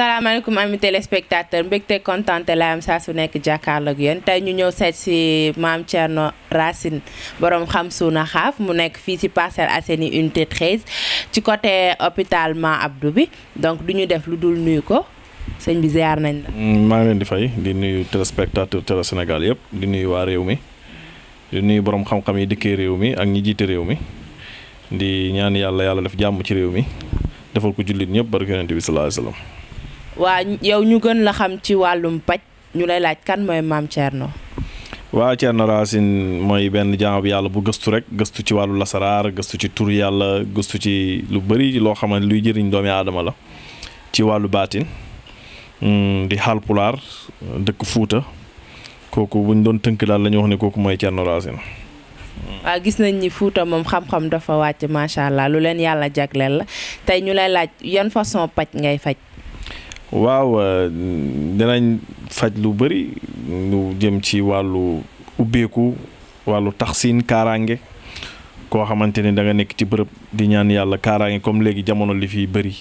salaamaaleykum ami téléspectateur mbégte kontante la am saa su nekk jàkkaarloog yéen tey ñu ñëw seet si maam Thierno Racine borom xam suuna xaaf mu nekk fii si Parcelles Assainies unité 13 ci côté hôpital Ma Abdou bi donc du ñu def lu dul nuyu ko sëñ bi ziar nañ la. Mm, maa ngi leen di fay di nuyu téléspectateur télé Sénégal yëpp di nuyu waa réew mi di nuyu borom xam-xam yi dikkee réew mi ak ñi jiite réew mi di ñaan yàlla yàlla def jàmm ci réew mi. defal ko jullit ñëpp barke yonent bi sallallahu alayhi waa yow ñu gën la xam ci wàllum paj ñu lay laaj kan mooy maam Thierno. waaw Thierno Racine mooy benn jaamu yàlla bu gëstu rek gëstu ci wàllu lasaraar gëstu ci tur yàlla gëstu ci lu bari loo xam ne luy jëriñ doomi aadama la ci wàllu baatin hmm, di Haalpulaar dëkk Fuuta kooku buñ doon tënk daal la ñu wax ne kooku mooy Thierno Racine. Mm. waaw gis nañ ni Fuuta moom xam-xam dafa wàcc macha allah lu leen yàlla jagleel la tey ñu lay laaj yan façon paj ngay faj. waaw euh, dinañ faj lu bëri lu jëm ci wàllu ubbeeku wàllu taxsin kaaraange koo xamante ni danga nekk ci bërëb di ñaan yàlla kaaraange comme léegi jamono li fi bëri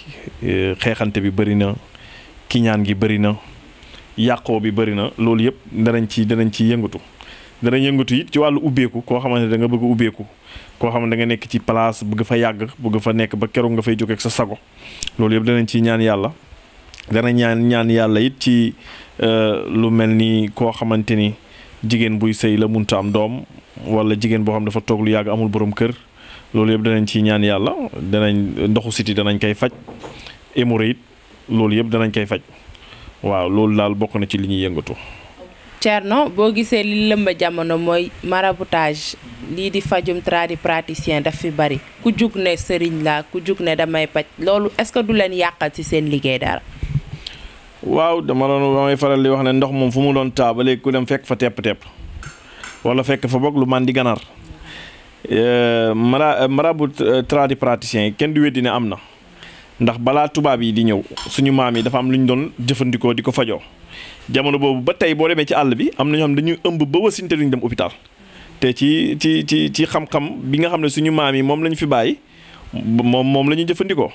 euh, xeexante bi bëri na kiñaan gi bëri na yàqoo bi bëri na loolu yëpp danañ ci danañ ci yëngatu. danañ yëngatu it ci wàllu ubbeeku koo xamante ne da bëgg ubbeeku koo xam ne da nga nekk ci place bëgg fa yàgg bëgg fa nekk ba keroog nga fay jóge ak sa sago loolu yëpp danañ ci ñaan yàlla dana ñaan ñaan yàlla it ci euh, lu mel ni koo xamante ni jigéen buy sëy la munta am doom wala jigéen boo xam dafa toog lu yàgg amul borom kër loolu yëpp danañ ci ñaan yàlla danañ ndoxu siti danañ koy faj hémorroïde loolu yëpp danañ koy faj waaw loolu daal bokk na ci li ñuy yëngatu Thierno boo gisee li lëmba jamono mooy maraboutage lii di fajum tradipraticien daf fi bari ku jug ne sëriñ laa ku jug ne damay paj loolu est-ce que du leen yàqal ci seen liggéey dara. waaw dama doon damay faral di wax ne ndox moom fu mu doon taa ba léegi ku dem fekk fa tepp-tepp wala fekk fa boog lu man di ganaar euh, mara euh, marabu euh, tradipraticien yi kenn du weddi ne am na ndax balaa tubaab yi di ñëw suñu maam yi dafa am lu ñu doon jëfandikoo di ko fajoo. jamono boobu ba tey boo demee ci àll bi am na ñoo xam dañuy ëmb ba wasinte duñ dem hôpital te ci ci ci ci xam-xam bi nga xam ne suñu maam yi moom lañu fi bàyyi moom moom la ñu jëfandikoo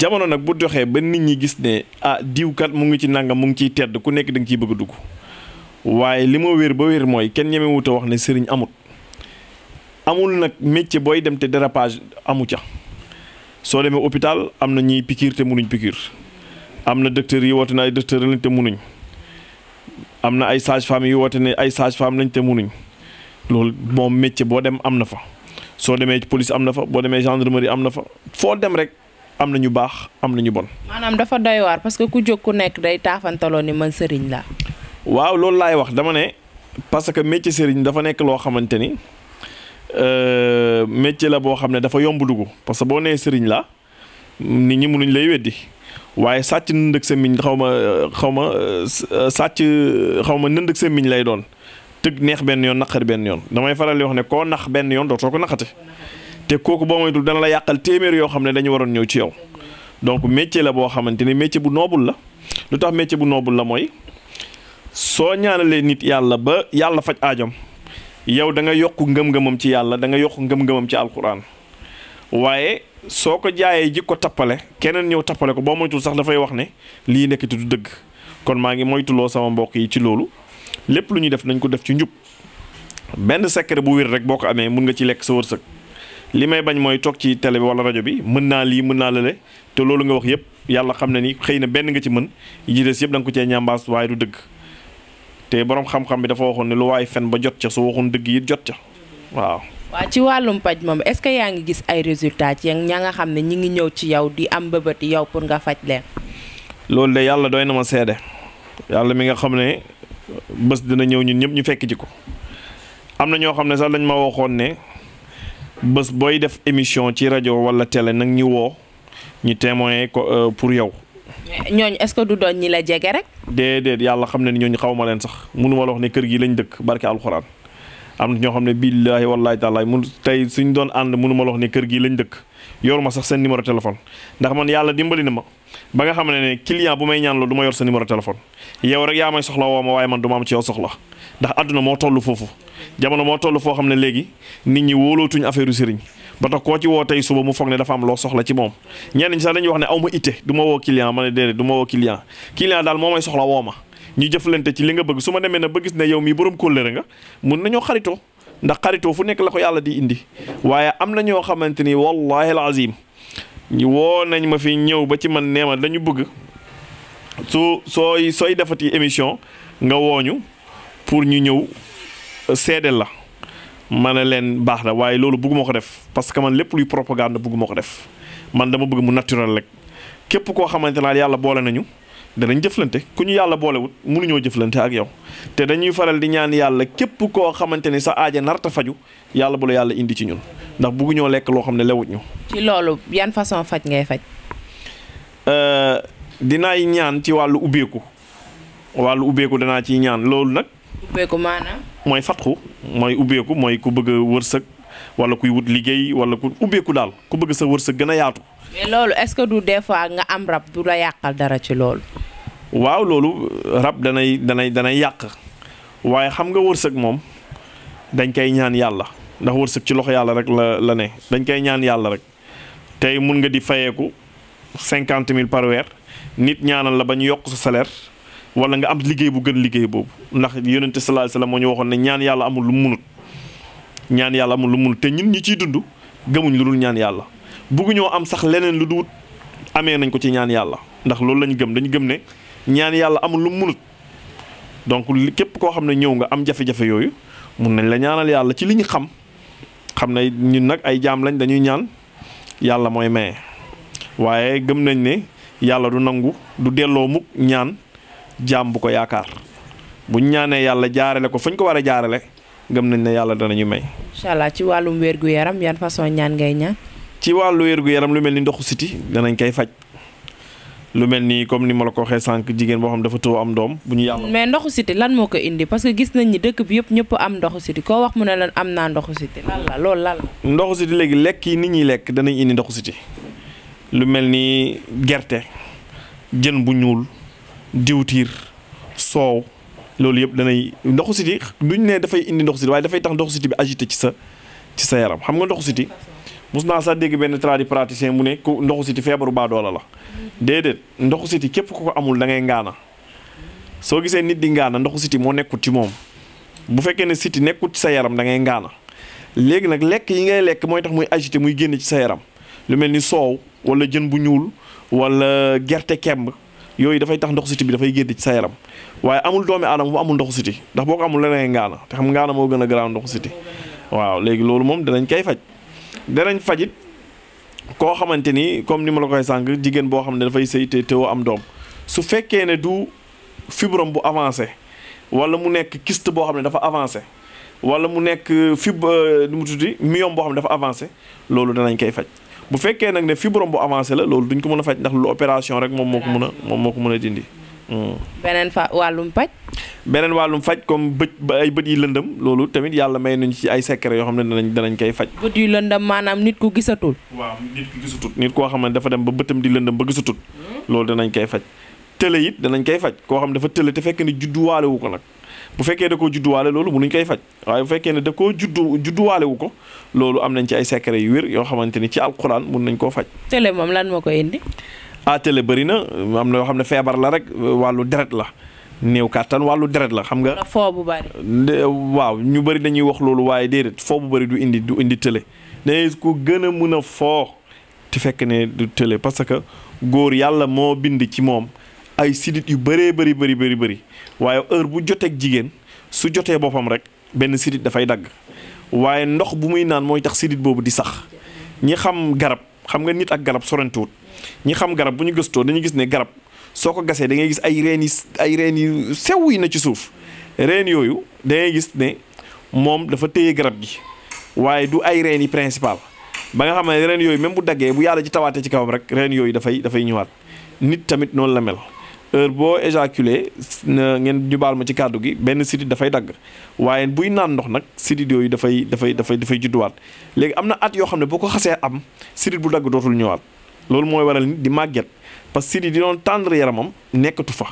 jamono nag bu doxee ba nit ñi gis ne ah diwkat mu ngi ci nangam mu ngi ciy tedd ku nekk da nga ciy bëgg dugg waaye li ma wér ba wér mooy kenn ñemewut a wax ne sëriñ amut amul nag métier booy dem te dérapage amu ca soo demee hôpital am na ñuy piqûre te munuñ piqûre am na docteur yi woote na ay docteur lañ te munuñ am na ay sages-femmes yu woote ne ay sages-femmes lañ te munuñ loolu moom métier boo dem am na fa soo demee police am na fa boo demee gendre gendarmerie am na fa foo dem rek am na ñu baax am na ñu bon. maanaam dafa doy waar parce que ku jóg ku nekk day taafantaloo ni man sëriñ laa. waaw loolu laay wax dama ne parce que métier sëriñ dafa nekk loo xamante ni euh, métier la boo xam ne dafa yomb dugg parce que boo nee sëriñ la nit ñi munuñ lay weddi. waaye sàcc nënd ak semmiñ xaw ma xaw ma euh, sàcc xaw ma nënd ak semmiñ lay doon tëg neex benn yoon naqari benn yoon damay faral di wax ne koo nax benn yoon dootoo ko naqate te kooku boo moytul dana la yàqal téeméer yoo xam ne dañu waroon ñëw ci yow donc métier la boo xamante ne métier bu noobul la lu tax métier bu noobul la mooy soo ñaanalee nit yàlla ba yàlla faj aajom yow da nga yokk ngëm-ngëmam ci yàlla da nga yokk ngëm-ngëmam ci alquran waaye soo ko jaayee ji ko tappale keneen ñëw tappale ko boo moytul sax dafay wax ne lii nekk du dëgg kon maa ngi moytuloo sama mbokk yi ci loolu lépp lu ñuy def nañ ko def ci njub benn secret bu wér rek boo ko amee mun nga ci lekk sa wërsëg li may bañ mooy toog ci télé bi wala rajo bi mën naa lii mën naa le te loolu nga wax yëpp yàlla xam ne ni xëy na benn nga ci mën yi des yëpp da nga ko cee ñambaas waaye du dëgg te borom xam-xam bi dafa waxoon ne lu waaye fen ba jot ca su dëgg yi jot ca waaw waaw ci wàllum paj moom est-ce que yaa ngi gis ay résultats ci ña nga xam ne ñi ngi ñëw ci yow di am bëbët yow pour nga faj leen. loolu de yàlla doy na ma seede yàlla mi nga xam ne bés dina ñëw ñun ñëpp ñu fekk ci ko am na ñoo xam ne sax lañ ma waxoon ne bés booy def émission ci rajo wala télé nag ñu woo ñu témoigner ko euh, pour yow. ñooñu est-ce que du doon ñi la jege rek. déedéet yàlla xam ne ni ñooñu xaw ma leen sax mënu ma ne kër gi lañ dëkk barke alxuraan. am na ñoo xam ne bii billaahi wallaahi taalaay mun tey suñ doon ànd mënu ma la wax ne kër gii lañ dëkk yoruma sax seen numéro téléphone ndax man yàlla dimbali na ma ba nga xam ne ne client bu may ñaan loolu du ma yor sa numéro téléphone yow rek yaa may soxla woo ma waaye man du ma am ci yow soxla ndax àdduna moo toll foofu jamono moo toll foo xam ne léegi nit ñi wóolootuñ affaire u sëriñ ba tax koo ci woo tey suba mu foog ne dafa am loo soxla ci moom ñenn ñi sax dañuy wax ne aw ma itte du ma woo ma ne déedéet du ma woo daal moo may soxla woo ñu jëflante ci li nga bëgg su ma demee na ba gis ne yow mi borom kóllëre nga mun nañoo xaritoo ndax xaritoo fu nekk la ko yàlla di indi waaye am na ñoo xamante ni wallahi alazim woo nañ ma fi ñëw ba ci man nee ma dañu bëgg su sooy sooy defati émission nga wooñu pour ñu ñëw euh, seedeel la ma ne leen baax na waaye loolu bëgguma ko def parce que man lépp luy propagande bëgguma ko def man dama bëgg mu naturel rek képp koo xamante naa yàlla boole nañu danañ jëflante ku ñu yàlla boolewut mënuñoo jëflante ak yow te dañuy faral di ñaan yàlla képp koo xamante ni sa aaja narta faju yàlla bu yàlla indi ci ñun ndax buggu bugguñoo lekk loo xam ne lewut ñu. ci loolu yan façon faj ngay faj. Euh, dinaay ñaan ci wàllu ubbeeku wàllu ubbeeku danaa ciy ñaan loolu nag. ubbeeku maanaam. mooy fatxu mooy ubbeeku mooy ku bëgg a wërsëg wala kuy wut liggéey wala ku ubbeeku daal ku bëgg sa wërsëg gën a yaatu. mais loolu est-ce que du des fois nga am rab du la yàqal dara ci loolu. waaw loolu rab danay danay danay yàq waaye xam nga wërsëg moom dañ koy ñaan yàlla ndax wërsëg ci loxo yàlla rek la la ne dañ koy ñaan yàlla rek tey mun nga di fayeeku cinquante mille par weer nit ñaanal la ba ñu yokk sa salaire wala nga am liggéey bu gën liggéey boobu ndax yonente sallallahu alayhi la moo ñu waxoon ne ñaan yàlla amul lu munut ñaan yàlla amul lu munut te ñun ñi ciy dund gëmuñ lu dul ñaan yàlla. bugguñoo am sax leneen lu duut amee nañ ko ci ñaan yàlla ndax loolu lañ gëm dañu gëm ne ñaan yàlla amul lu munut donc képp koo xam ne ñëw nga am jafe yooyu mun nañ la ñaanal yàlla ci li ñu xam xam ne ñun nag ay jaam lañ dañuy ñaan yàlla mooy maye waaye gëm nañ ne yàlla du nangu du delloo mukk ñaan jaam bu ko yaakaar buñ ñaanee yàlla jaarale ko fañ ko war a jaarale gëm nañ ne yàlla ñuy may. incha allah ci wàllum wér gu yaram yan façon ñaan ngay ñaan. ci wàllu wér-gu-yaram lu mel ni ndoxu siti danañ koy faj lu mel ni comme ni ma la ko waxee sànq jigéen boo xam dafa tëw am doom bu ñu yàlla mais ndoxu siti lan moo ko indi parce que gis nañ ni dëkk bi yëpp ñëpp am ndoxu siti koo wax mu ne lan am naa ndoxu siti lan la loolu lan la ndoxu siti lekk yi nit ñuy lekk danañ indi ndoxu siti lu mel ni gerte jën bu ñuul diwtiir soow loolu yëpp danay ndoxu siti ne dafay indi ndoxu siti waaye dafay tax ndoxu siti bi agité ci sa ci sa yaram xam nga ndoxu siti mus naa sax dégg benn tradipraticien mu ne ku ndoxu siti feebaru baadoola la déedéet ndoxu siti képp ku ko amul da ngay ngaana soo gisee nit di ngaana ndoxu siti moo nekkut ci moom bu fekkee ne siti nekkut ci sa yaram da ngay ngaana léegi nag lekk yi ngay lekk mooy tax muy agité muy génn ci sa yaram lu mel ni soow wala jën bu ñuul wala gerte kemb yooyu dafay tax ndoxu siti bi dafay génn ci sa yaram waaye amul doomi aadama bu amul ndoxu siti ndax boo ko amul la da ngay ngaana te xam ngaana moo gën a garaaw ndoxu siti waaw léegi loolu moom danañ koy faj danañ fajit koo xamante ni comme ni ma la koy sànq jigéen boo xam ne dafay sëy te teewoo am doom su fekkee ne du fibrome bu avancé wala mu nekk kyste boo xam ne dafa avancer wala mu nekk fib euh, nu mu tuddi myome boo xam ne avancé loolu danañ koy faj bu fekkee nag ne fibrome bu avancé la loolu duñ ko mën a faj ndax lu opération rek moom moo ko mën a moom moo ko mën a dindi. beneen fa wàllum paj beneen wàllum faj comme bët ba ay bët yi lëndëm loolu tamit yàlla may nañ ci ay secret yoo xam ne danañ danañ koy faj. bët yu lëndëm maanaam nit ku gisatul. waaw nit ku koo xam ne dafa dem ba bëtam di lëndëm ba gisatul. loolu danañ koy faj. tële it danañ koy faj koo xam ne dafa tële te fekk ni judduwaale ko nag bu fekkee da koo judduwaale loolu mënuñ koy faj waaye bu fekkee ne da koo juddu judduwaale wu ko loolu am nañ ci ay secret yu wér yoo xamante ni ci alquran mun nañ koo faj. tële moom lan moo koy indi. a télé bëri na am na yoo xam ne feebar la rek wàllu deret la néew kàttan wàllu deret la xam nga. foo bu bëri. waaw ñu bëri dañuy wax loolu waaye déedéet foo bu bëri du indi du indi télé day ku gën a mun a foo te fekk ne du télé parce que góor yàlla moo bind ci moom ay sidit yu bëree bëri bëri bëri bëri waaye heure bu joteeg jigéen su jotee boppam rek benn sidit dafay dagg waaye ndox bu muy naan mooy tax sidit boobu di sax ñi xam garab. xam nga nit ak garab sorantiwut ñi xam garab bu ñu gëstoo dañu gis ne garab soo ko gasee da ngay gis ay reen yi reen yu sew yi na ci suuf reen yooyu dangay gis ne moom dafa téye garab gi waaye du ay reen yi principal ba nga xam ne reen yooyu même bu daggee bu yàlla ci tawaatee ci kawam rek reen yooyu dafay dafay ñëwaat nit tamit noonu la mel heure boo éjaculé ngeen ñu baal ma ci kàddu gi benn sidit dafay dagg waaye buy naan ndox nag sidit yooyu dafay dafay dafay dafay judduwaat léegi am na at yoo xam ne boo ko xasee am sidit bu dagg dootul ñëwaat loolu mooy waral nit di màgget parce que sidit di doon tendre yaramam nekkatu fa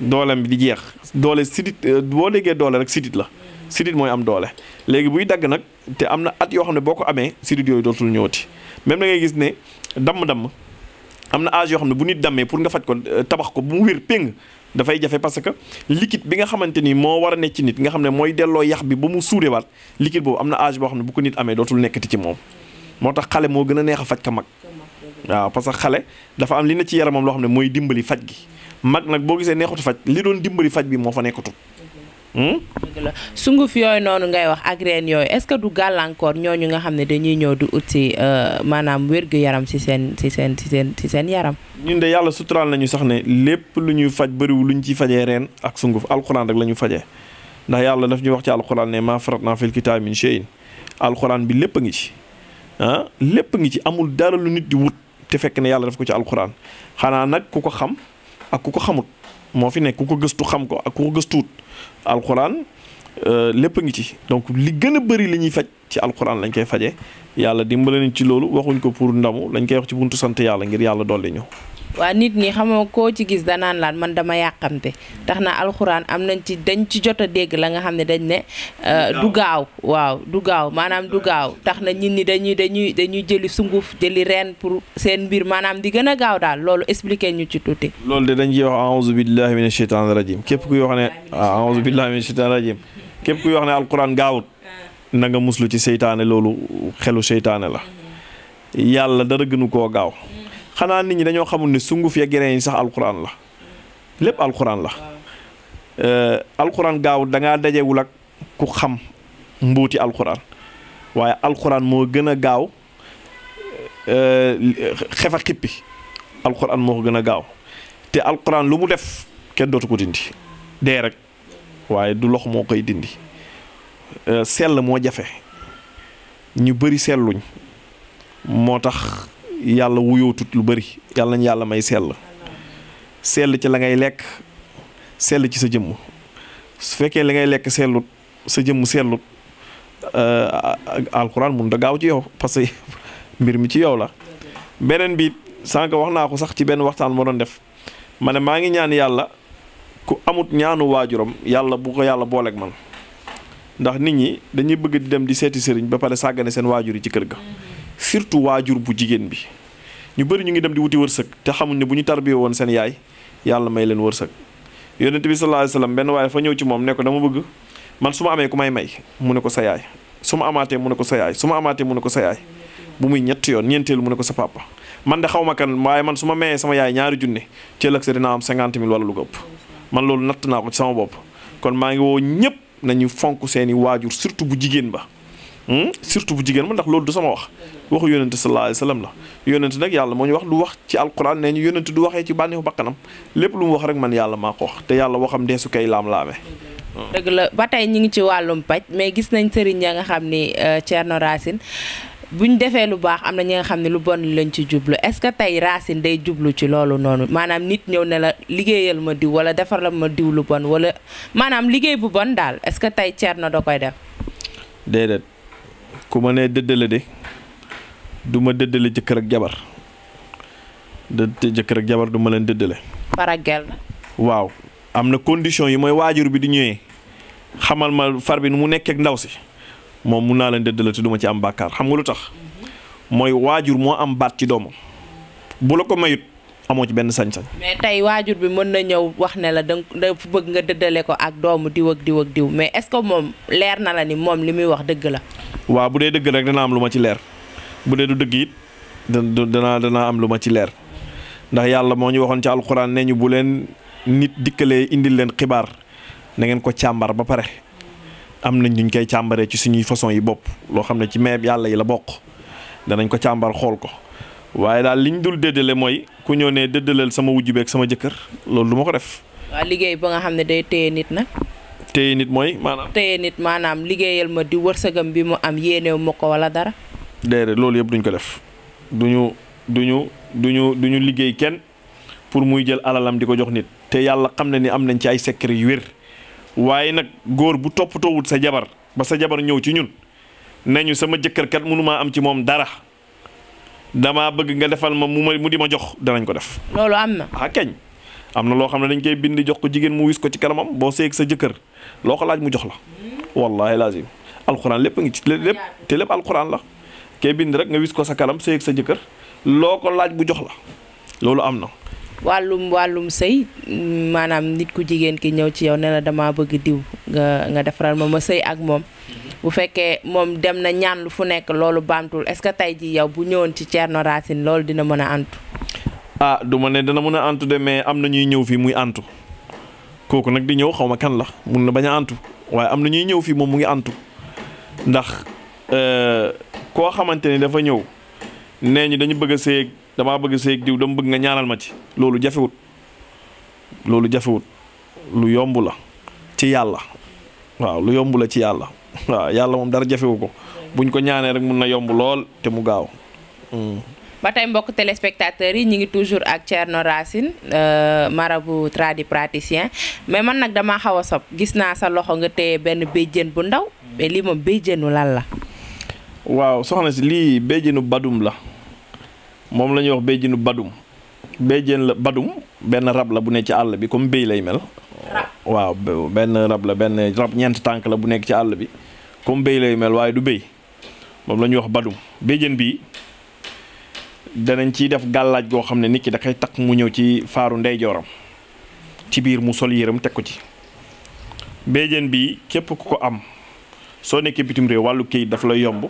dooleem bi di jeex doole sidit euh, boo déggee doole rek la sidit mooy am doole léegi buy dagg nag te am na at yoo xam ne boo ko amee sidit yooyu dootul ñëwati même da ngay gis ne damm-damm am na âge yoo xam ne bu nit dammee pour nga faj ko euh, tabax ko bu mu wér péng dafay jafe parce que bi nga xamante ni moo war a nekk ci nit nga xam ne mooy delloo yax bi ba mu suure suurewaat liquide boobu am na âge boo xam ne bu ko nit amee dootul nekkati ci moom moo tax xale moo gën a neex a faj ka mag waaw parce xale dafa am li na ci yaramam loo xam ne mooy dimbali faj gi mag nag boo gisee neexatu faj li doon dimbali faj bi moo fa nekkatut Hmm? dëgg sunguf yooyu noonu ngay wax ak reen yooyu est-ce que du gàllankoor ñooñu nga xam ne dañuy ñëw du ut si euh, maanaam wér-gu-yaram si seen si seen ci seen si yaram ñun de yàlla suturaal nañu sax ne lépp lu ñuy faj bëriwul lu ñu ciy fajee reen ak sunguf alxuraan rek la ñu fajee ndax yàlla daf ñuy wax ci alxuraan ne maa faratnaa fil kitaabi min shay'in alxuraan bi lépp a ngi ci ah lépp a ngi ci amul dara lu nit di wut te fekk ne yàlla daf ko ci alxuraan xanaa nag ku ko xam ak ko xamut moo fi nekk ku ko gëstu xam ko ak ku ko gëstuut alxuraan euh, lépp a ngi ci donc li gën a bëri li ñuy faj ci alxuraan lañ koy faje yàlla dimbale nañ ci loolu waxuñ ko pour ndamu lañ koy wax ci buntu sant yàlla ngir yàlla dolli ñu waa nit ñi xamoo koo ci gis danaan laan man dama yàqamte tax na alxuraan am nañ ci dañ ci jot a dégg la nga xam ne dañ ne euh, du gaaw waaw du gaaw maanaam du gaaw tax na nit ñi dañuy dañuy dañuy jëli sunguf jëli reen pour seen mbir maanaam di gën a gaaw daal loolu expliqué ñu ci tuuti loolu de dañ ciy wax aouzu billahi mina sheytaani rajim képp kuy wax ne aouzu billahi mina sheytaani rajim képp kuy wax ne alxuraan gaawut na nga muslu ci seytaane loolu xelu seytaane la mm-hmm. yàlla dara gënu koo gaaw mm-hmm. xanaa nit ñi dañoo xamul ni sunguf ya grain yi sax alquran la lépp alxuraan la euh, alxuraan gaaw da dajewul ak ku xam mbuuti alxuraan waaye alxuraan moo gën a gaaw euh, xefa xippi alquran moo ko gën a gaaw te alquran lu mu def kenn dootu ko dindi dee rek waaye du lox moo koy dindi euh, sell moo jafe ñu bëri selluñ moo tax yàlla wuyootut lu bari yàlla nañ yàlla may sell sell ci la ngay lekk sell ci sa jëmm su fekkee li ngay lekk sellut sa jëmm sellut eh, alxuraan mun da gaaw ci yow parce que mbir mi ci yow la beneen bi sànq wax naa ko sax ci benn waxtaan moo doon def ma ne maa ngi ñaan yàlla ku amut ñaanu waajuram yàlla bu ko yàlla booleeg man ndax nit ñi dañuy bëgg di dem di seeti sëriñ ba pare sàggane seen waajur yi ci kër ga surtout waajur bu jigéen bi ñu bëri ñu ngi dem di wuti wërsëg te xamuñ ne bu ñu tarbiyee woon seen yaay yàlla may leen wërsëg yonent bi sallallahu alayhi wasallam benn waaye fa ñëw ci moom nekk dama bëgg man su ma amee may may mu ne ko sa yaay amaatee mu ne ko sa su ma amaatee mu ne ko sa yaay bu muy ñett yoon ñeenteel mu ne ko sa papa man de xaw ma kan waaye man su ma mayee sama yaay ñaari junne ci ëllëg sa dinaa am cinquante mille wala lu ko ëpp man loolu natt naa ko ci sama bopp kon maa ngi woo ñëpp nañu fonk seeni waajur surtout bu jigéen ba Hmm? surtout bu jigéen ma ndax loolu du sama wax waxu yonente sallallahu alayhi wasallam la yonente nag yàlla moo ñu wax du wax ci alquran nee ñu yonente du waxee ci bànneexu bakkanam lépp lu mu wax rek man yàlla maa ko wax te yàlla waxam deesu kay laam-laamee dëgg la ba tey ñu ngi ci wàllum paj mais gis nañ sëriñ ya nga xam ni euh, Thierno bu ñu defee lu baax am na ñi nga xam ne lu bon lañ ci jublu est-ce que tey Racine day jublu ci loolu noonu maanaam nit ñëw ne la liggéeyal ma diw wala defaral ma diw bon wala maanaam liggéey bu bon daal ce que tey Thierno da koy def ku ma nee dëddale de du ma dëddale jëkkër ak jabar dë jabar du ma leen dëddale. paragel waaw am na condition yi mooy waajur bi di ñëwee xamal ma far bi nu mu nekkee ndaw si moom mun naa leen dëddale te du ma ci am bàkkaar xam nga lu tax mhm. mooy waajur moo am baat ci doomam bu la ko mayut amoo ci benn sañ-sañ. mais tey waajur bi mën na ñëw wax ne la da nga bëgg nga dëddale ko ak doomu diw ak diw ak diw mais est-ce que moom leer na la ni moom li muy wax dëgg la. waaw bu dee dëgg rek dana am lu ma ci leer bu dee du dëgg it dana dana am lu ma ci leer ndax yàlla moo ñu waxoon ci alxuraan ne ñu bu leen nit dikkalee indil leen xibaar na ngeen ko càmbar ba pare am nañ ñu koy càmbaree ci suñuy façon yi bopp loo xam ne ci meeb yàlla yi la bokk danañ ko càmbar xool ko. waaye daal liñ dul déddale mooy ku ñëw ne déddaleel sama wujj beeg sama jëkkër loolu du ma ko def. waaw liggéey ba nga xam ne day téye nit na téye nit mooy maanaam. téye nit maanaam liggéeyal ma di wërsëgam bi mu am yéenew ma ko wala dara. déedéet loolu yëpp duñ ko def duñu duñu duñu duñu liggéey kenn pour muy jël alalam di ko jox nit te yàlla xam na ni am nañ ci ay secret yu wér waaye nag góor bu toppatoowut sa jabar ba sa jabar ñëw ci ñun nañu sama jëkkër kat mënumaa am ci moom dara. damaa bëgg nga defal ma mu ma mu di ma jox danañ ko def. loolu am na. ah keñ am na loo xam ne dañ koy bind jox ko jigéen mu wis ko ci kanamam boo seeg sa jëkkër loo ko mu jox la. Hmm. wallahi lazim alxuraan lépp ngi ci lépp te lépp alxuraan la kay bind rek nga wis ko sa kanam seeg sa jëkkër loo ko laaj jox la loolu am na. wàllum wàllum sëy maanaam nit ku jigéen ki ñëw ci yow ne damaa bëgg diw nga nga defaral ma ma sëy ak moom bu fekkee moom dem na ñaan lu fu nekk loolu baamtul est-ce que tey jii yow bu ñëwoon ci Thierno Racine loolu dina mën a antu. ah du ma ne dana mën a antu de mais am na ñuy ñëw fii muy antu kooku nag di ñëw xaw ma kan la mun na bañ a antu waaye am na ñuy ñëw fii moom mu ngi antu ndax euh, koo xamante ni dafa ñëw nee ñu dañu bëgg a seeg damaa bëgg a seeg diw dama bëgg nga ñaanal ma ci loolu jafewut loolu jafewut lu yomb la ci yàlla waaw lu yomb la ci yàlla. waaw yàlla moom dara jafewu ko buñ ko ñaanee rek mun na yomb lool te mu gaaw. Mm. ba tey mbokk téléspectateurs yi ñu ngi toujours ak Thierno Racine euh, marabu tradipraticien mais man nag damaa xaw a sob gis naa sa loxo nga téye benn béjjén bu ndaw mais lii moom béjjénu lan la. waaw soxna si lii béjjénu badum la moom la ñuy wax béjjénu badum béjjén la badum benn rab la bu nekk ci àll bi comme béy lay mel. waaw benn rab la benn rab ñeent tànk la bu nekk ci àll bi. comme béy lay mel waaye du béy moom la ñuy wax badum béjjén bi danañ ciy def gàllaaj goo xam ne nit ki da koy takk mu ñëw ci faaru ndeyjooram ci biir mu sol yéram teg ko ci béjjén bi képp ku ko am soo nekkee bitim réew wàllu këyit daf lay yomb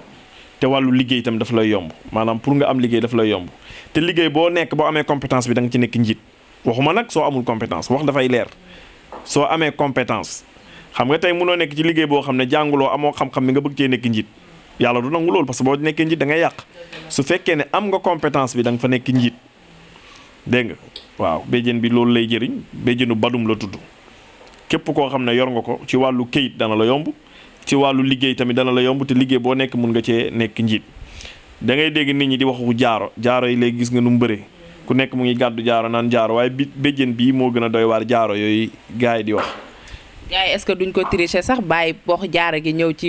te wàllu liggéey itam daf lay yomb maanaam pour nga am liggéey daf lay yomb te liggéey boo nekk boo amee compétence bi danga ci nekk njiit waxuma nag soo amul compétence wax dafay leer soo amee compétence xam nga tey mënoo nekk ci liggéey boo xam ne jànguloo amoo xam-xam mi nga bëgg cee nekk njiit yàlla du nangu loolu parce que boo nekkee njiit da yàq su fekkee ne am nga compétence bi da fa nekk njiit dégg nga waaw béjjén bi loolu lay jëriñ béjjénu badum la tudd képp koo xam ne yor nga ko ci wàllu këyit dana la yomb ci wàllu liggéey tamit dana la yomb te liggéey boo nekk mun nga cee nekk njiit da ngay dégg nit ñi di waxu jaaro jaaro yi léegi gis nga nu mu bëree ku nekk mu ngi gàddu jaaro naan jaaro waaye bi béjjén bii moo gën a doy jaaro yooyu gars yi di wax gars yi que duñ ko tricher sax bàyyi pox jaara gi ñëw ci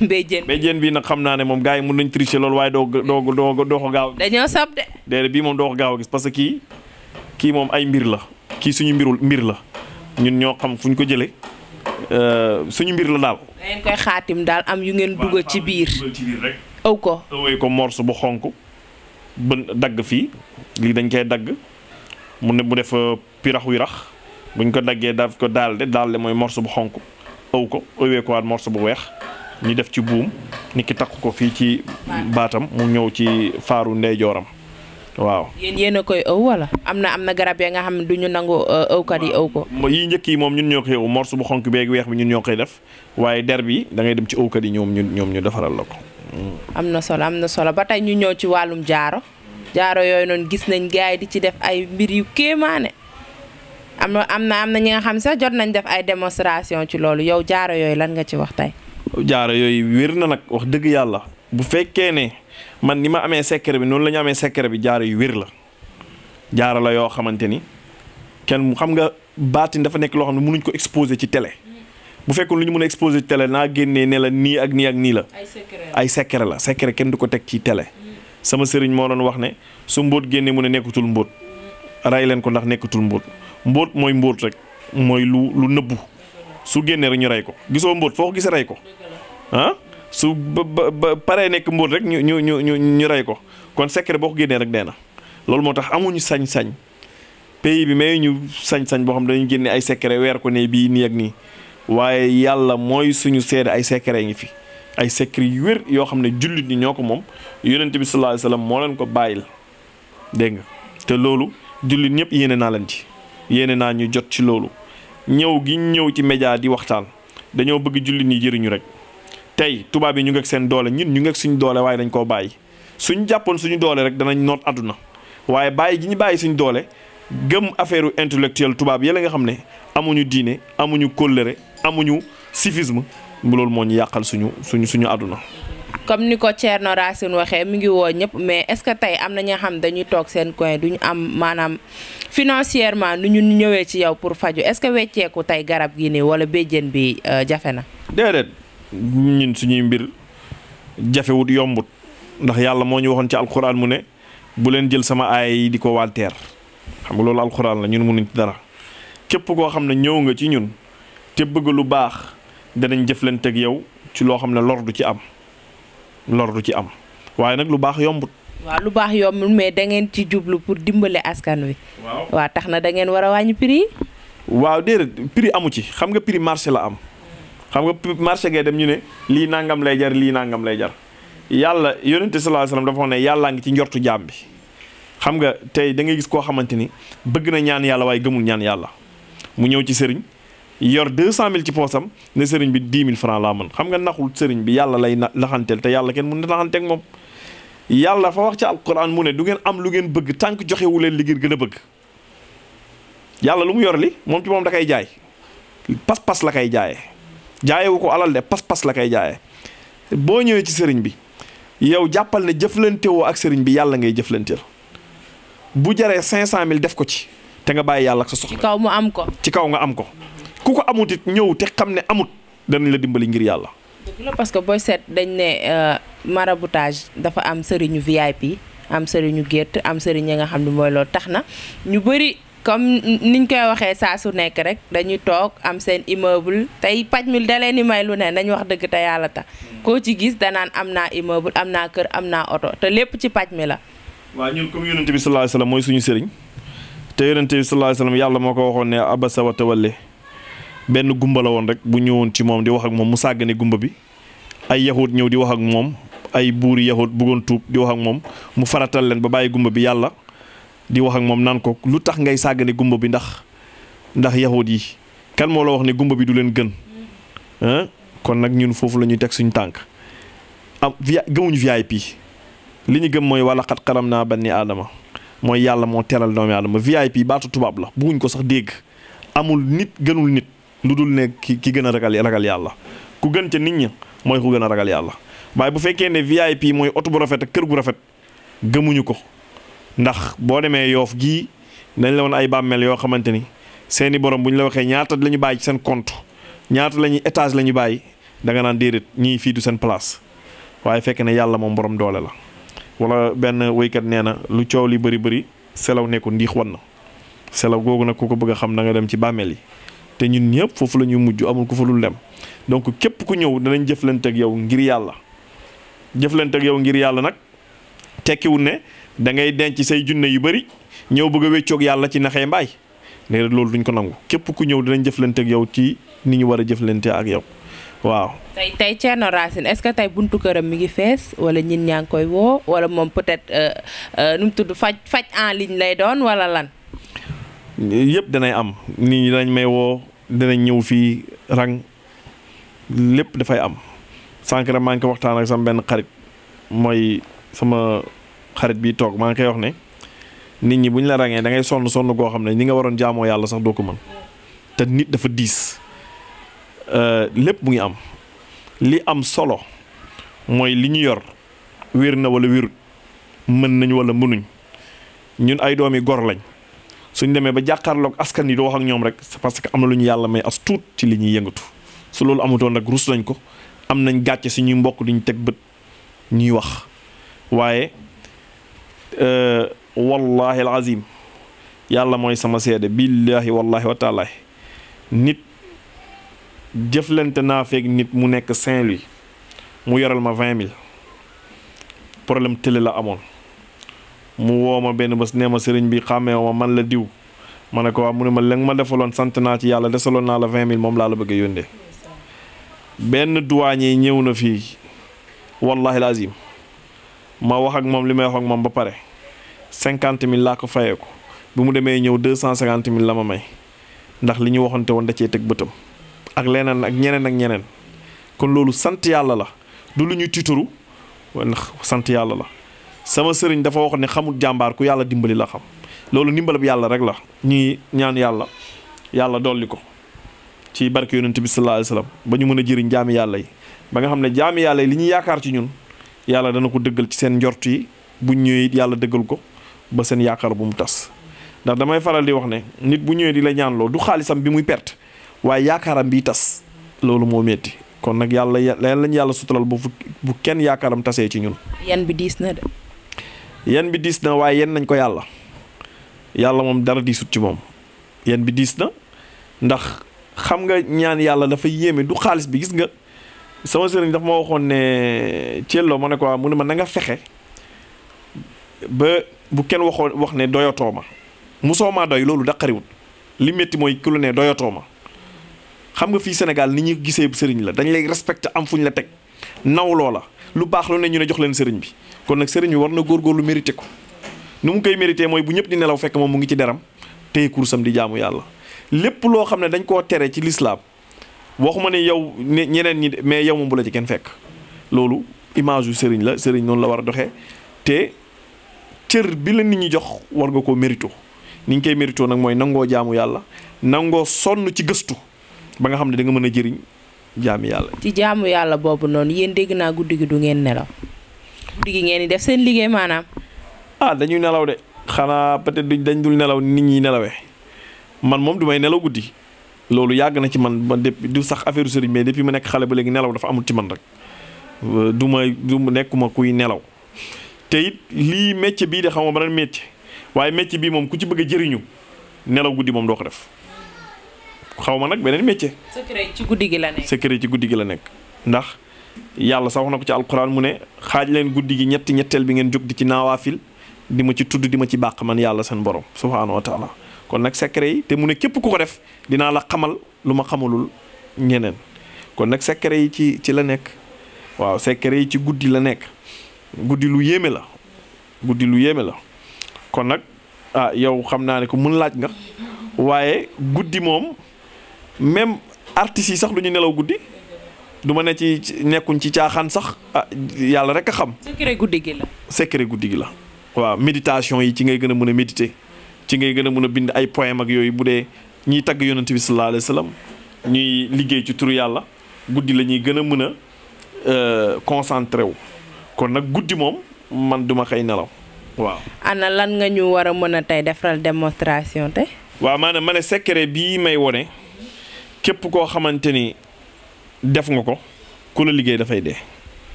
béjjén jën bi nag xam naa ne moom gars yi mun nañ tricher loolu waaye doo doo doo doo ko gaaw dañoo sab de déedéet bii moom doo gaaw a gis parce que kii kii moom ay mbir la kii suñu mbirul mbir la ñun ñoo xam fu ñu ko jëlee euh, suñu mbir la daal. da ngeen koy xaatim daal am yu ngeen dugal ci biir ëw ko ëwee ko morceau bu xonk bën dagg fii lii dañ koy dagg mu ne mu def euh, pirax wirax buñ ko daggee daf ko daal de daal de mooy morceau bu xonk ëw ko ëwee ko waat morceau bu weex ñu def ci buum nit ki takk ko fii ci baatam mu ñëw ci faaru ndeyjooram waaw. yéen a koy ëw wala am na am na garab ya nga xam ne du ñu nangu euh, ëwkat yi ëw ko. yii njëkk yi moom ñun ñoo koy ëw bu xonk beeg bi ñun ñoo koy def waaye der bi da ngay dem ci ëwkat yi ñoom ñu ñoom ñu defaral la ko. Mm. am na solo am na solo ba tey ñu ñëw ci wàllum jaaro jaaro yooyu noonu gis nañ gars yi di ci def ay mbir yu kéemaane. am na am na na ñi nga xam sax jot nañ def ay démonstration ci loolu yow jaaro yooyu lan nga ci wax tey. jaaro yooyu wér na nag wax dëgg yàlla bu fekkee ne man ni ma amee secret bi noonu lañu amee secret bi jaaro yu wér la jaaro la yoo xamante ni kenn xam nga baatin dafa nekk loo xam ne mënuñ ko exposer ci télé. bu fekkoon lu ñu mun a exposer tele naa génnee ne la nii ak nii ak nii la. ay secret la ay secret la secret kenn du ko teg ci tele mm. sama sëriñ moo doon wax ne su mbóot génnee mu ne nekkatul mbóot. Mm. ray leen ko ndax nekkatul mbóot. mbóot mooy mbóot rek mooy lu lu nëbbu su génnee rek ñu rey ko gisoo mbóot foo ko gisee rey ko ah su ba ba paree nekk mbóot rek ñu ñu ñu ñu ñu rey ko kon secret boo ko génnee rek dee na loolu moo tax amuñu sañ-sañ pays bi may ñu sañ-sañ boo xam dañu génne ay secret weer ko ne bii nii ak nii waaye yàlla mooy suñu seede ay secret ngi fi ay secret yu wér yoo xam ne jullit ñi ñoo ko moom yonent bi sallallahu alayhi wasallam moo leen ko bàyyil dégg nga te loolu jullit ñëpp yéene naa leen ci. yéene naa ñu jot ci loolu ñëw gi ñëw ci média di waxtaan dañoo bëgg julli ñi jëriñu rek tey tubaab yi ñu ngi ak seen doole ñun ñu ngi ak suñu doole waaye dañ koo bàyyi suñu jàppoon suñu doole rek danañ noot àdduna waaye bàyyi gi ñu bàyyi suñu doole gëm affaire intellectuelle tubaab yële nga xam ne amuñu diine amuñu kóllëre amuñu civisme loolu moo ñu yàqal suñu suñu suñu àdduna comme ni ko Thierno Racine waxee mi ngi woo ñëpp mais est-ce que tey am na ña xam dañuy toog seen coin duñu am maanaam financièrement nu ñu ñëwee ci yow pour faju est-ce que wecceeku tey garab gi nii wala béjjén bi euh, jafe na. déedéet ñun suñuy mbir jafewut yombut ndax yàlla moo ñu waxoon ci alxuraan mu ne bu leen jël sama aay yi di ko walteer xam nga loolu alxuraan la ñun mënuñ ci dara képp koo xam ne ñëw nga ci ñun te bëgg lu baax danañ jëflante ak yow ci loo xam ne lor du ci am. lor du ci am waaye nag lu baax yombut. waa lu baax yombul mais da ngeen ci jublu pour dimbale askan wi. waaw waaw tax na da ngeen war a wàññi prix yi. waaw déedéet prix amu ci xam nga prix marché la am xam nga marché ngay dem ñu ne lii nangam lay jar lii nangam lay jar yàlla yonente sallallahu alayhi wasallam dafa wax ne yàllaa ngi ci njortu jaam bi xam nga tey da ngay gis koo xamante ni bëgg na ñaan yàlla waaye gëmul ñaan yàlla mu ñëw ci sëriñ. yor deux cent mille ci poosam ne sëriñ bi dix mille franc laa mën xam nga naxul sëriñ bi yàlla lay naxanteel te yàlla kenn mun na naxanteeg moom yàlla fa wax ci alquran mu ne du ngeen am lu ngeen bëgg tànk joxewu leen li ngeen gën a bëgg yàlla lu mu yor li moom ci moom da kay jaay pas-pas la koy jaayee jaayewu ko alal de pas-pas la kay jaayee boo ñëwee ci sëriñ bi yow jàppal ne jëflantewoo ak sëriñ bi yàlla ngay jëflanteel bu jaree cinq cent mille def ko ci te bàyyi yàlla sa soxla. ci mu am ko ci kaw nga am ko. ku ko amut it ñëw te xam ne amut danañ la dimbali ngir yàlla. dëgg parce que booy seet dañ ne euh, maraboutage dafa am sëriñu VIP am sëriñu gétt am sëriñ ya nga xam ne mooy loolu tax na ñu bëri comme niñ koy waxee saa su nekk rek dañuy toog am seen immeuble tey paj mi da leen may lu ne nañ wax dëgg te yàlla ta koo ci gis danaan am naa immeuble am naa kër am naa oto te lépp ci paj mi la. waaw ñun comme yonente bi sallallahu mooy suñu sëriñ te yonente bi sallallahu alayhi yàlla moo ko waxoon ne abasa benn gumba la woon rek bu ñëwoon ci moom di wax ak moom mu sàggane gumba bi ay yahut ñëw di wax ak moom ay buuri yahut buggoon tuub di wax ak moom mu faratal leen ba bàyyi gumba bi yàlla di wax ak moom naan ko lu tax ngay sàggane gumba bi ndax ndax yahut yi kan moo la wax ne gumba bi du leen gën kon nag ñun foofu la ñuy teg suñu tànk am vi gëmuñu VIP li ñu gën mooy wala xat xaram naa banni aadama mooy yàlla moo teral doomi aadama VIP baatu tubaab la bugguñ ko sax dégg nit lu dul nekk ki ki gën a ragal ragal yàlla ku gën ca nit ñi mooy ku gën a ragal yàlla waaye bu fekkee ne VIP mooy oto bu rafet ak kër gu rafet gëmuñu ko ndax boo demee yoof gii dañ la woon ay bàmmeel yoo xamante ni seeni borom bu ñu la waxee ñaata la ñu bàyyi ci seen compte ñaata la ñuy étage la ñu bàyyi da nga naan déedéet ñii fii du seen place waaye fekk ne yàlla moom borom doole la. wala benn woykat nee na lu coow li bëri bari selaw ne ko ndiix wan na selaw googu nag ku ko bëgg xam da nga dem ci bàmmeel yi. te ñun ñëpp foofu la mujj amul ko fa lu lem donc képp ku ñëw danañ jëflante ak yow ngir yàlla jëflante ak yow ngir yàlla nag tekkiwul ne da ngay denc say junne yu bëri ñëw bëgg a wéccoog yàlla ci naxee mbaay léegi loolu duñ ko nangu képp ku ñëw dinañ jëflante ak yow ci ni ñu war a jëflante ak yow waaw. tey tey Thierno ce que tey buntu këram mi ngi fees wala ñin ñaa ngi koy woo wala moom peut-être euh, euh, nu mu tudd faj faj en ligne lay doon wala lan. yëpp danay am nit ñi dañ may woo danañ ñëw fii rang lépp dafay am sànq maa ngi ko waxtaan ak sama benn xarit mooy sama xarit bi toog maa ngi koy wax ne nit ñi bu ñu la rangee dangay ngay sonn sonn goo xam ne ni nga waroon jaamoo yàlla sax doo ko mën te nit dafa diis euh, lépp mu ngi am li am solo mooy li ñu yor wér na wala wérut mën nañu wala mënuñ ñun ay doomi gor lañ suñ demee ba jàkkaarloog askan yi doo wax ñoom rek c'est parce que am na lu ñu yàlla may as tuut ci li ñuy yëngatu su loolu amutoon rek rus nañ ko am nañ gàcce suñuy mbokk duñ teg bët ñuy wax waaye euh, wallahi alazim yàlla mooy sama seede billahi wallahi wa taalahi nit jëflante naa feeg nit mu nekk Saint-Louis mu yoral ma vingt mille problème télé la amoon mu woo ma benn bés nee ma sëriñ bi xàmmee ma man la diw ma ne ko waaw mu ne ma leng ma defaloon sant naa ci yàlla desaloon naa la vingt mille moom laa la bëgg a yónnee benn douanier ñëw na fii wallahi lazim ma wax ak moom li may wax ak moom ba pare cinquante mille laa ko fayee ko bi mu demee ñëw deux cent cinquante mille la ma may ndax li ñu waxante woon da cee teg bëtam ak leneen ak ñeneen ak ñeneen kon loolu sant yàlla la du lu ñu tiitaru sant yàlla la. sama sëriñ dafa wax ne xamul jàmbaar ku yàlla dimbali la xam loolu ndimbal bi yàlla rek la ñuy ñaan yàlla yàlla dolli ko ci barke yonent bi sallallahu alayhi ba ñu mën a jëriñ jaami yàlla yi ba nga xam ne jaami yàlla yi li ñuy yaakaar ci ñun yàlla dana ko dëggal ci seen njort yi buñ ñëwee yàlla dëggal ko ba seen yaakaar bu mu tas ndax damay faral di wax ne nit bu ñëwee di la ñaanloo du xaalisam bi muy perte waaye yaakaaram bi tas loolu moo metti kon nag yàlla yàlla lañ yàlla sutural bu bu kenn yaakaaram tasee ci ñun. yan bi diis na waaye yen nañ ko yàlla yàlla moom dara diisut ci moom yan bi diis na ndax xam nga ñaan yàlla dafa yéeme du xaalis bi gis nga sama sëriñ dafa ma waxoon ne Thiello ma ne ko mu ne ma na nga fexe ba bu kenn waxoon wax ne doyatoo ma musoo maa doy loolu daqariwut li métti mooy ku lu ne doyatoo ma xam nga fii Sénégal ni ñu gisee sëriñ la dañ lay respecté am fu ñu la teg nawloo la lu baax lu ne ñu ne jox leen sëriñ bi kon nag sëriñ bi war na góorgóorlu mérité ko nu mu koy mérité mooy bu ñëpp di nelaw fekk moom mu ngi ci deram tey kursam di jaamu yàlla lépp loo xam ne dañ koo tere ci lislaam waxuma ne yow ne ñeneen ñi mais yow moom bu la ci kenn fekk loolu image yu la sëriñ noonu la war a doxee te cër bi la nit ñi jox war nga koo mérito ni ñu koy mérito nag mooy nangoo jaamu yàlla nangoo sonn ci gëstu ba nga xam ne da nga mën a jëriñ jaamu yàlla. ci jaamu yàlla boobu noonu yéen dégg naa guddi gi du ngeen nelaw. guddi gi ngeen di def seen liggéey maanaam. ah dañuy nelaw de xanaa peut-être duñ dañ dul nelaw nit ñi nelawee man moom du may nelaw guddi loolu yàgg na ci man man depuis du sax affaire sëriñ mais depuis ma nekk xale ba léegi nelaw dafa amul ci man rek euh, du may du nekkuma kuy nelaw te it lii métier bii de xam nga beneen métier waaye métier bii moom ku ci bëgg jëriñu nelaw guddi moom doo ko def. xaw ma nag beneen métier. secret ci guddi gi la nekk secret ci guddi gi la nekk. ndax yàlla sax wax na ko ci alquran mu ne xaaj leen guddi gi ñetti ñetteel bi ngeen jóg di ci naawaafil di ma ci tudd di ma ci bàq man yàlla seen borom subhaanahu wa kon nag secret yi te mu ne képp ku ko def dinaa la xamal lu ma xamalul ñeneen kon nag secret yi ci ci la nekk waaw secret yi ci guddi la nekk guddi lu yéeme la guddi lu yéeme la kon nag ah yow xam naa ne ko mën laaj nga waaye guddi moom. même artistes yi sax du ñu nelaw guddi du ma ne ci nekkuñ ci caaxaan sax ah yàlla rek a xam. secret guddi gi la. secret guddi la waaw méditation yi ci ngay gën a mën a méditer ci ngay gën a mën a bind ay poème ak yooyu bu dee ñuy tagg yonent bi sallallahu alayhi wa ñuy liggéey ci turu yàlla guddi la ñuy gën a mën a euh, concentré wu kon nag guddi moom man duma xëy nelaw waaw. ana lan nga ñu war a mën a tey defaral démonstration te. waaw maanaam ma ne secret bii may wone képp koo xamante ni def nga ko ku la liggéey dafay dee.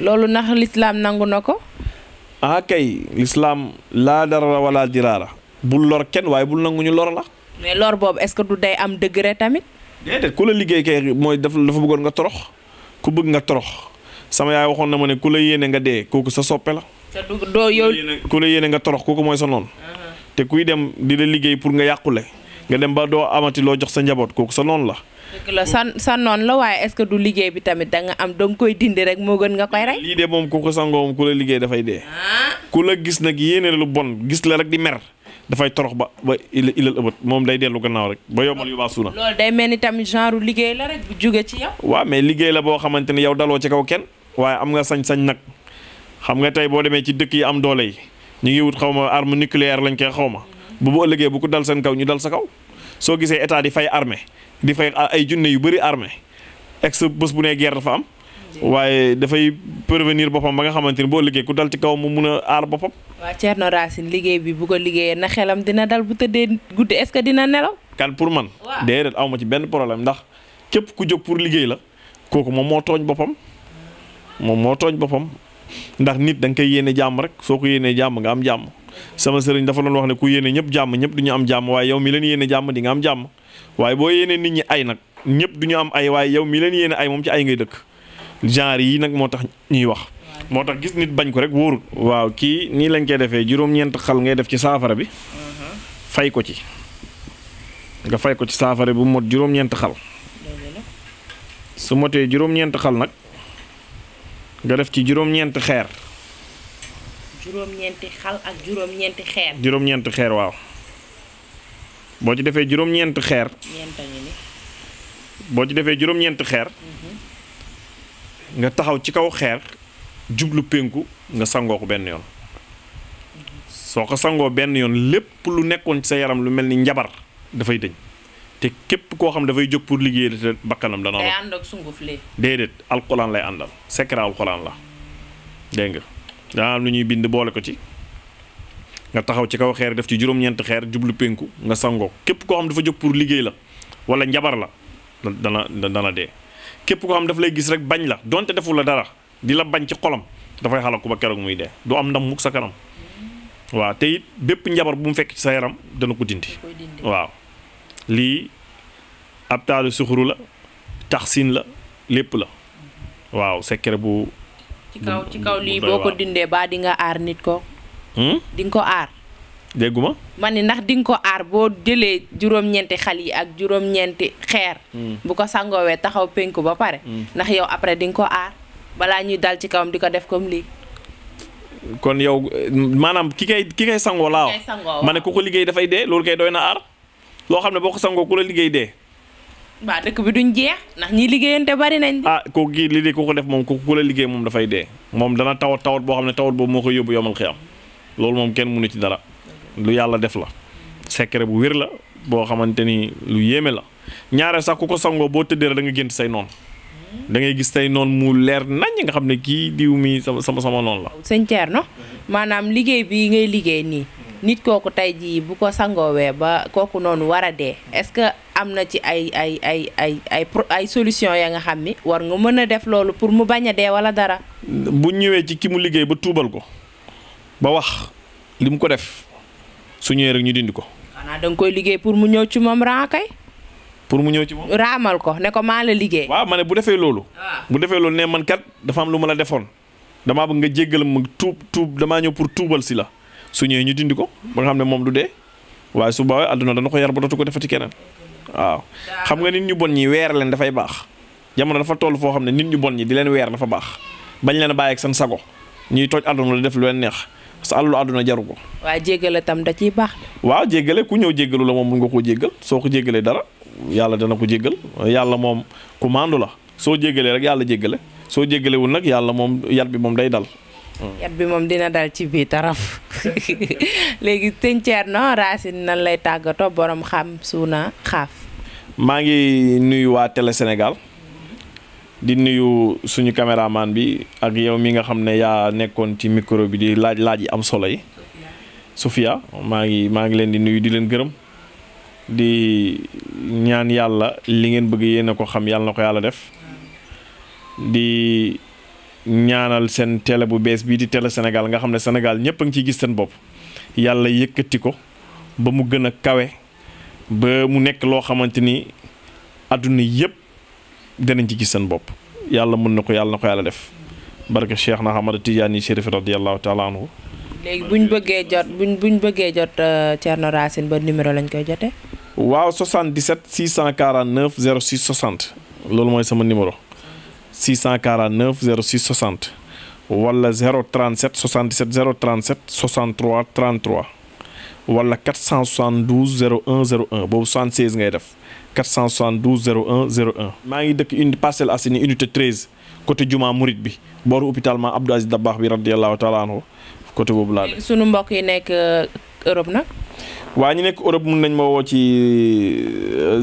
loolu nax lislaam nangu na ko. ah kay lislaam laa dara darara wala diraara bul lor kenn waaye bul nangu ñu lor la. mais lor boobu est-ce que du day am degré tamit. déedéet ku la liggéey kay mooy dafa dafa bëggoon nga torox ku bëgg nga torox sama yaay waxoon na ma ne ku la yéene nga dee kooku sa soppe la. te du doo yow ku la yéene nga torox kooku mooy sa noon uh-huh. te kuy dem di la liggéey pour nga yàqule. nga dem ba doo amati loo jox sa njaboot kooku sa noonu la. dëgg la sa sa noonu la waaye est que du liggéey bi tamit da am da koy dindi rek moo gën nga koy rek lii de moom ku ko sangoo moom ku la liggéey dafay dee. Ah. ku la gis nag yéene lu bon gis la rek di mer. dafay torox ba ba ilal ëbët moom day dellu gannaaw rek ba yombal yu baa suuna. loolu day mel ni tamit genre liggéey la rek bu ci yow. waaw mais liggéey la boo xamante ne yow daloo ci kaw kenn waaye am nga sañ-sañ nag xam nga tey boo demee ci dëkk yi am doole yi ñu ngi wut xaw ma arme nucléaire lañ koy xaw ma mm-hmm. bu bu ëllëgee bu ko dal seen kaw ñu dal sa kaw. soo gisee état di fay armée di fay ay junne yu bëri armée ex bës bu ne geer dafa am waaye dafay prévenir boppam ba nga xamante ni boo liggéey ku dal ci kaw mu mun a aar boppam. waaw Thierno Racine liggéey bi bu ko liggéeyee na xelam dina dal bu tëddee guddi est-ce que dina nelaw. kan pour man. waaw déedéet aw ma ci benn problème ndax képp ku jóg pour liggéey la kooku moom moo tooñ boppam moom moo tooñ boppam ndax nit da nga koy yéene jàmm rek soo ko yéenee jàmm nga am jàmm. sama sëriñ dafa doon wax ne ku yéene ñëpp jàmm ñëpp du ñu am jàmm waaye yow mi leen yéene jàmm di nga am jàmm waaye boo yéene nit ñi ay nag ñëpp du ñu am ay waaye yow mi leen yéene ay moom ci ay ngay dëkk genre yi nag moo tax ñuy wax moo tax gis nit bañ ko rek wóorul waaw kii nii lañ koy defee juróom-ñeent xal ngay def ci saafara bi fay ko ci nga fay ko ci saafara bu mot juróom-ñeent su motee juróom-ñeent nag nga def ci juróom-ñeent xeer juróom-ñeenti xal ak juróom-ñeenti xeer. juróom-ñeenti xeer waaw boo ci defee juróom-ñeenti xeer. boo ci defee juróom xeer. Mhm. nga taxaw ci kaw xeer jublu pénku nga sangoo ko benn yoon. soo ko sangoo benn yoon lépp lu nekkoon ci sa yaram lu mel ni njabar dafay dëñ te képp koo xam dafay jóg pour liggéey te bakkanam dana. day ànd ak sunguf lee. lay àndal secret alxuraan la dégg nga. daa lu ñuy bind boole ko ci nga taxaw ci kaw xeer def ci juróom-ñeenti xeer jublu penku nga sangoo képp koo xam dafa jóg pour liggéey la wala njabar la dana dana dee képp koo xam dafa lay gis rek bañ la donte deful la dara di la bañ ci xolam dafay xalaku ba keroog muy dee du am ndam mukk sa kanam waaw tey bépp njabar bu mu fekk ci sa yaram dana ko dindi waaw lii ab taalu suxuru la taxsin la lépp la waaw secret bu ci kaw ci kaw lii boo ko dindee baa di nga aar nit ko. Hmm? di nga ko aar. dégguma. ma ni ndax di nga ko aar boo jëlee juróom-ñeenti xal yi ak juróom-ñeenti xeer. Hmm. bu ko sangoowee taxaw penku ba pare. Hmm. ndax yow après di nga ko aar balaa ñuy dal ci kawam di ko def comme lii. kon yow maanaam ki kay ki kay sangoo laa wax ma ne ku ko liggéey dafay dee loolu kay doy na aar loo xam ne boo ko sangoo ku la liggéey dee. waa dëkk bi duñ jeex ndax ñi liggéeyante bari nañ. ah kooku kii li de ku ko def moom ku la liggéey moom dafay dee moom dana tawat tawat boo xam ne tawat boobu moo koy yóbbu yomal xiyam loolu moom kenn mënu ci dara lu yàlla def la secret bu wér la boo xamante ni lu yéeme la ñaare sax ku ko sangoo boo tëddee da nga gént say noonu da ngay gis tey noonu mu leer nañ nga xam ne kii diw mi sama sama sama noonu la. sëñ Thierno maanaam liggéey bi ngay liggéey nii. nit kooku tey jii bu ko sangoowee ba kooku noonu war a dee est-ce que am na ci ay ay ay ay ay ay solution ya nga xam ni war nga mën a def loolu pour mu bañ a dee wala dara. bu ñëwee ci ki mu liggéey ba tuubal ko ba wax li mu ko def su ñëwee rek ñu dindi ko. xanaa da koy liggéey pour mu ñëw ci moom raa pour mu ñëw ci moom raamal ko ne ko maa la liggéey. waaw ma ne bu defee loolu. Ah. bu defee loolu ne man kat dafa am lu ma la defoon damaa bëgg nga jéggal ma tuub tuub damaa ñëw pour tuubal si la. su ñëwee ñu dindi ko ba nga xam ne moom du dee waaye su boobaa àdduna dana ko yar ba dootu ko defati keneen waaw xam nga nit ñu bon ñi weer leen dafay baax jamono dafa toll foo xam ne nit ñu bon ñi di leen weer dafa baax bañ leen a bàyyi ak seen sago ñuy tooj àdduna di def lu leen neex sa àllu àdduna jaru ko. waaw jéggale tam da ciy baax. waaw jéggale ku ñëw jéggalu la moom mun nga koo jéggal soo ko jéggalee dara yàlla dana ko jéggal yàlla moom ku maandu la soo jéggalee rek yàlla jéggale soo jéggalewul nag yàlla moom yar bi moom day dal Mm. yat bi moom dina dal ci biir taraf léegi sëñ Thierno Racine nan lay tàggatoo borom xam suuna xaaf. maa ngi nuyu waa Télé di nuyu suñu caméraman bi ak yow mi nga xam ne yaa nekkoon ci micro bi di laaj laaj yi am solo yi. Sofia maa ngi maa ngi leen di nuyu di leen gërëm di ñaan yàlla li ngeen bëgg yéen a ko xam yàlla na ko yàlla def di. ñaanal seen télé bu bees bii di télé Sénégal nga xam ne Sénégal ñëpp a ngi ciy gis seen bopp yàlla yëkkati ko ba mu gën a kawe ba mu nekk loo xamante ni adduna yëpp danañ ci gis seen bopp yàlla mun na ko yàlla na ko yàlla def barke Cheikh na Ahmad Tidiane Chérif radiyallahu taala anhu léegi bu ñu bëggee jot buñ bu ñu bëggee jot euh, Thierno Racine ba numéro lañ koy jotee. waaw 77 649 06 60 loolu mooy sama numéro. 649 06 60 wala 037 77 037 63 33 wala 472 01 01 boobu 76 ngay def 472 01 01. maa ngi dëkk une Parcelles Assainies unité 13 côté Juma Mouride bi booru hôpital ma Abdou Aziz Dabakh bi radiyallahu taala anhu côté boobu laa de. sunu mbokk yi nekk euh, Europe nag. waa ñu nekk Europe mun nañ moo woo ci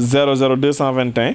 00221. Euh,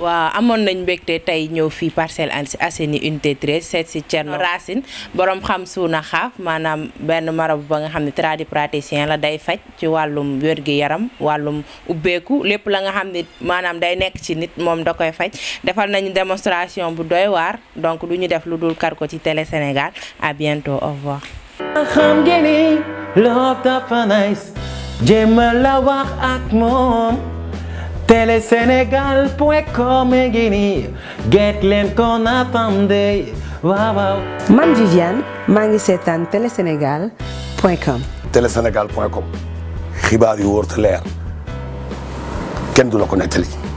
waaw amoon nañ mbégte tey ñëw fii Parcelles Assainies unité 13 seet si Thierno Racine borom xam suuna xaaf maanaam benn marabu ba nga xam ne tradipraticien la day faj ci wàllum wér-gi-yaram wàllum ubbeeku lépp la nga xam ne maanaam day nekk ci nit moom da koy faj defal nañu démonstration bu doy waar donc du ñu def lu dul kar ko ci Télé Sénégal à bientôt au wax ak moom. télé sénégal com e ngi nii get leen kon attendez man Viviane maa ngi seetaan télé sénégal point com. télé com xibaar yu wóor te leer kenn du